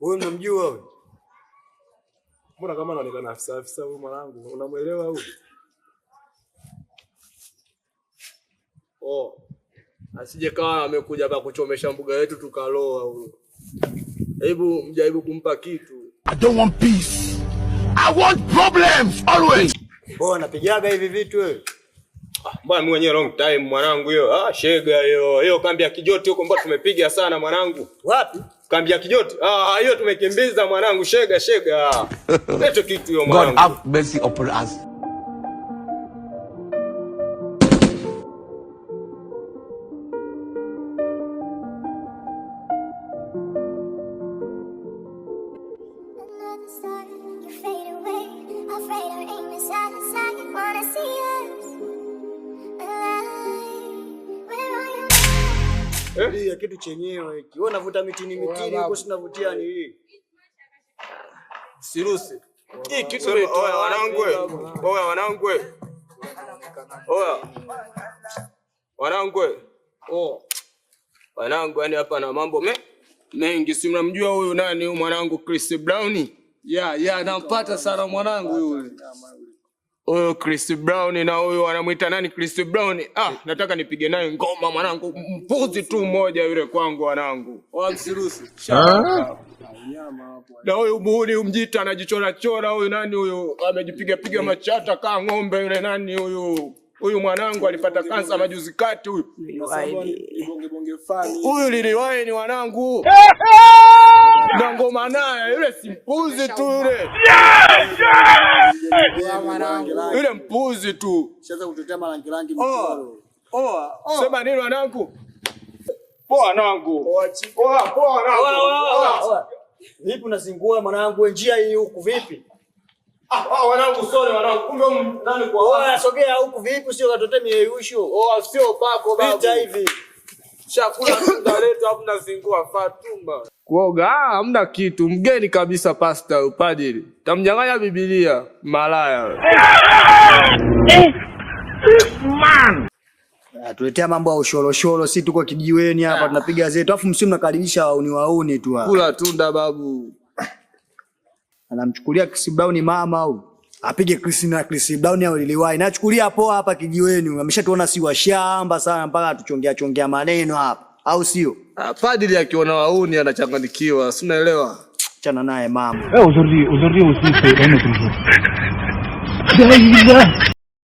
Wewe unamjua wewe? Mbona kama anaonekana afisa afisa huyu mwanangu, unamuelewa huyu? Oh. Asije kawa amekuja hapa kuchomesha mbuga yetu tukaloa huyu. Hebu mjaribu kumpa kitu. I don't want peace. I want problems always. Mbona anapigaga hivi vitu wewe. Ah, mbona mimi mwenyewe long time mwanangu hiyo. Ah, shega hiyo. Hiyo kambi ya Kijoti huko mbona tumepiga sana mwanangu. Wapi? Kambi ya Kijoti. Ah, ah hiyo tumekimbiza mwanangu shega shega. Leto kitu hiyo mwanangu. God have mercy upon us. Afraid our aim is out of sight. Wanna see you. Ndio eh? kitu chenyewe hiki. Wewe unavuta mitini mitini huko, si unavutia ni hii. Sirusi. Hii kitu ni Oya wanangu wewe. Oya wanangu wewe. Oya. Wanangu wewe. Oh. Wanangu yani hapa na mambo me mengi, si mnamjua huyu nani huyu mwanangu Chris Brown? Ya, ya nampata sana mwanangu yule huyo oh, Chris Brown na huyo anamwita nani Chris Brown? Ah, nataka nipige naye ngoma mwanangu, mpuzi tu mmoja yule kwangu wanangu Na huyu buhuni umjita anajichora chora huyu nani huyu amejipiga piga machata kaa ng'ombe yule nani huyu. Huyu mwanangu alipata kansa majuzi kati huyu. Huyu liliwai ni wanangu na ngoma naye yule si mpuzi tu yule. Yes, yes. Yule mpuzi tu. Sasa kutetea marangi rangi mchoro. Oa, oa. Sema nini wanangu? Poa nangu. Poa, poa nangu. Vipi unazingua mwanangu, njia hii huku vipi? Ah, ah, wanangu sore wanangu. Kumbe ndani kwa oa. Sogea huku vipi, oh, sio katote mieyusho. Oa, sio pako babu. Vita hivi. Chakula hamna zingua Fatuma. Kuoga ah, hamna kitu, mgeni kabisa pasta upadili Tamnyang'anya Biblia malaya. Man. Tuletea mambo ya ushoroshoro, si tuko kijiweni hapa tunapiga zetu. afu msimu nakaribisha wauni wauni tu hapa. Kula tunda babu. Anamchukulia Chris Brown mama au apige Chris na Chris Brown au liliwai. Nachukulia poa hapa kijiweni. Ameshatuona si washamba sana mpaka atuchongea chongea maneno hapa au sio? Ah, padri akiona wauni anachanganikiwa si unaelewa? Chana naye mama. Eh, eh,